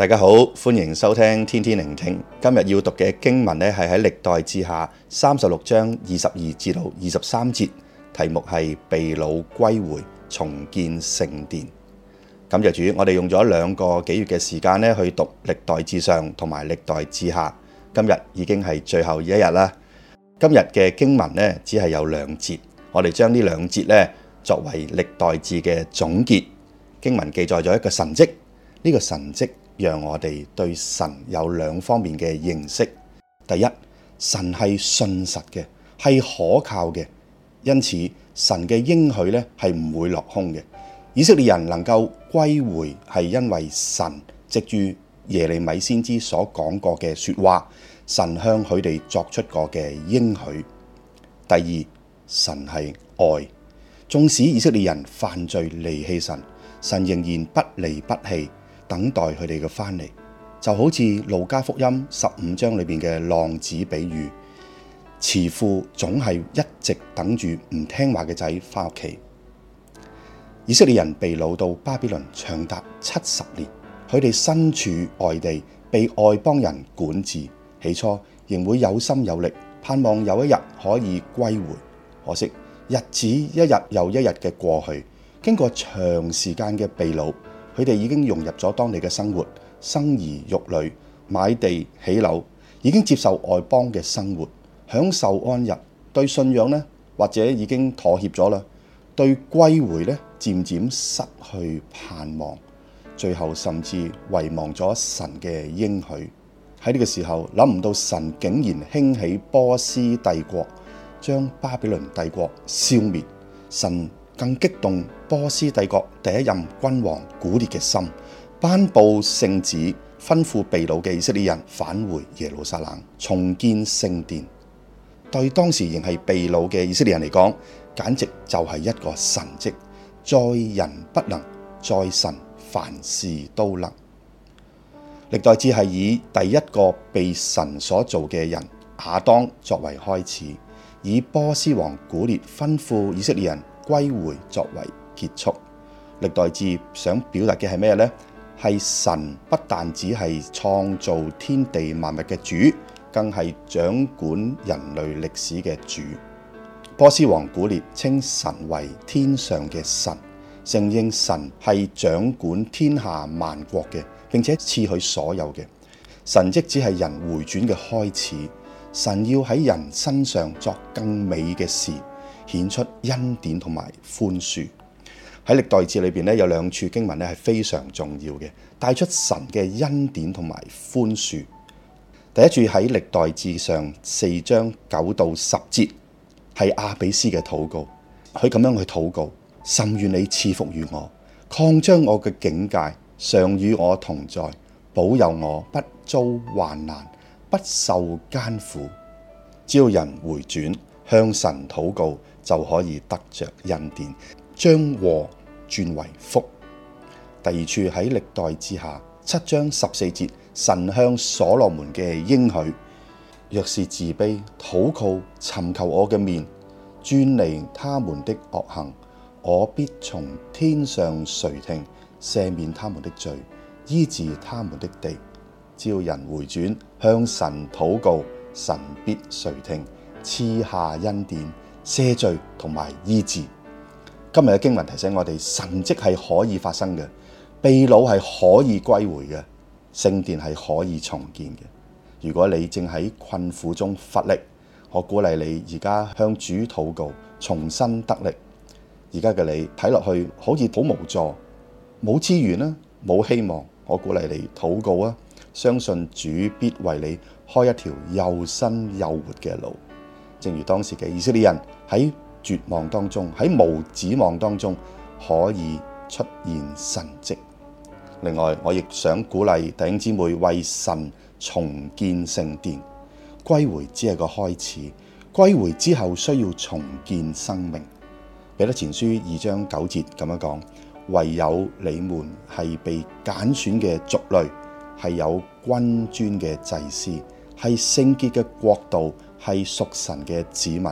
大家好，歡迎收聽天天靈聽。今日要讀嘅經文呢，係喺歷代志下三十六章二十二至到二十三節，題目係被擄歸回，重建聖殿。感謝主！我哋用咗兩個幾月嘅時間呢，去讀歷代志上同埋歷代志下，今日已經係最後一日啦。今日嘅經文呢，只係有兩節，我哋將呢兩節呢，作為歷代志嘅總結。經文記載咗一個神跡，呢、這個神跡。讓我哋對神有兩方面嘅認識。第一，神係信實嘅，係可靠嘅，因此神嘅應許呢，係唔會落空嘅。以色列人能夠歸回係因為神藉住耶利米先知所講過嘅說話，神向佢哋作出過嘅應許。第二，神係愛，縱使以色列人犯罪離棄神，神仍然不離不棄。等待佢哋嘅翻嚟，就好似路加福音十五章裏邊嘅浪子比喻，慈父總係一直等住唔聽話嘅仔翻屋企。以色列人被擄到巴比倫長達七十年，佢哋身處外地，被外邦人管治，起初仍會有心有力，盼望有一日可以歸回。可惜日子一日又一日嘅過去，經過長時間嘅被擄。佢哋已經融入咗當地嘅生活，生兒育女、買地起樓，已經接受外邦嘅生活，享受安逸。對信仰呢，或者已經妥協咗啦。對歸回呢，漸漸失去盼望，最後甚至遺忘咗神嘅應許。喺呢個時候，諗唔到神竟然興起波斯帝國，將巴比倫帝國消滅。神更激動波斯帝國第一任君王古列嘅心，頒布聖旨，吩咐被擄嘅以色列人返回耶路撒冷，重建聖殿。對當時仍係被擄嘅以色列人嚟講，簡直就係一個神蹟。在人不能，在神凡事都能。歷代志係以第一個被神所造嘅人亞當作為開始，以波斯王古列吩咐以色列人歸回作為結束，歷代志想表達嘅係咩呢？係神不但只係創造天地萬物嘅主，更係掌管人類歷史嘅主。波斯王古列稱神為天上嘅神，承認神係掌管天下萬國嘅，並且賜佢所有嘅。神蹟只係人回轉嘅開始。神要喺人身上作更美嘅事。顯出恩典同埋寬恕。喺歷代志裏邊咧，有兩處經文咧係非常重要嘅，帶出神嘅恩典同埋寬恕。第一處喺歷代志上四章九到十節，係雅比斯嘅禱告，佢咁樣去禱告，甚願你賜福與我，擴張我嘅境界，常與我同在，保佑我不遭患難，不受艱苦，只要人回轉，向神禱告就可以得着恩典，將禍轉為福。第二處喺歷代志下七章十四節，神向所羅門嘅應許：若是自卑禱告，尋求我嘅面，轉離他們的惡行，我必從天上垂聽，赦免他們的罪，醫治他們的地。只要人回轉，向神禱告，神必垂聽。賜下恩典，赦罪同埋醫治。今日嘅經文提醒我哋，神蹟係可以發生嘅，被擄係可以歸回嘅，聖殿係可以重建嘅。如果你正喺困苦中乏力，我鼓勵你而家向主禱告，重新得力。而家嘅你睇落去好似好無助，冇資源啦，冇希望。我鼓勵你禱告啊，相信主必為你開一條又新又活嘅路。正如當時嘅以色列人喺絕望當中，喺無指望當中，可以出現神蹟。另外，我亦想鼓勵弟兄姊妹為神重建聖殿。歸回只係個開始，歸回之後需要重建生命。彼得前書二章九節咁樣講：唯有你們係被揀選嘅族類，係有君尊嘅祭司，係聖潔嘅國度。係屬神嘅子民，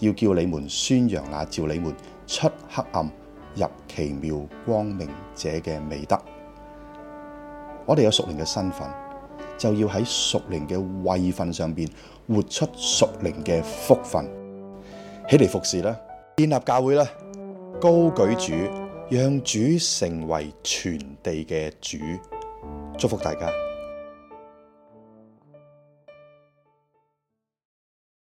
要叫你們宣揚那、啊、召你們出黑暗入奇妙光明者嘅美德。我哋有屬靈嘅身份，就要喺屬靈嘅位份上邊活出屬靈嘅福分。起嚟服侍啦，建立教會啦，高舉主，讓主成為全地嘅主。祝福大家。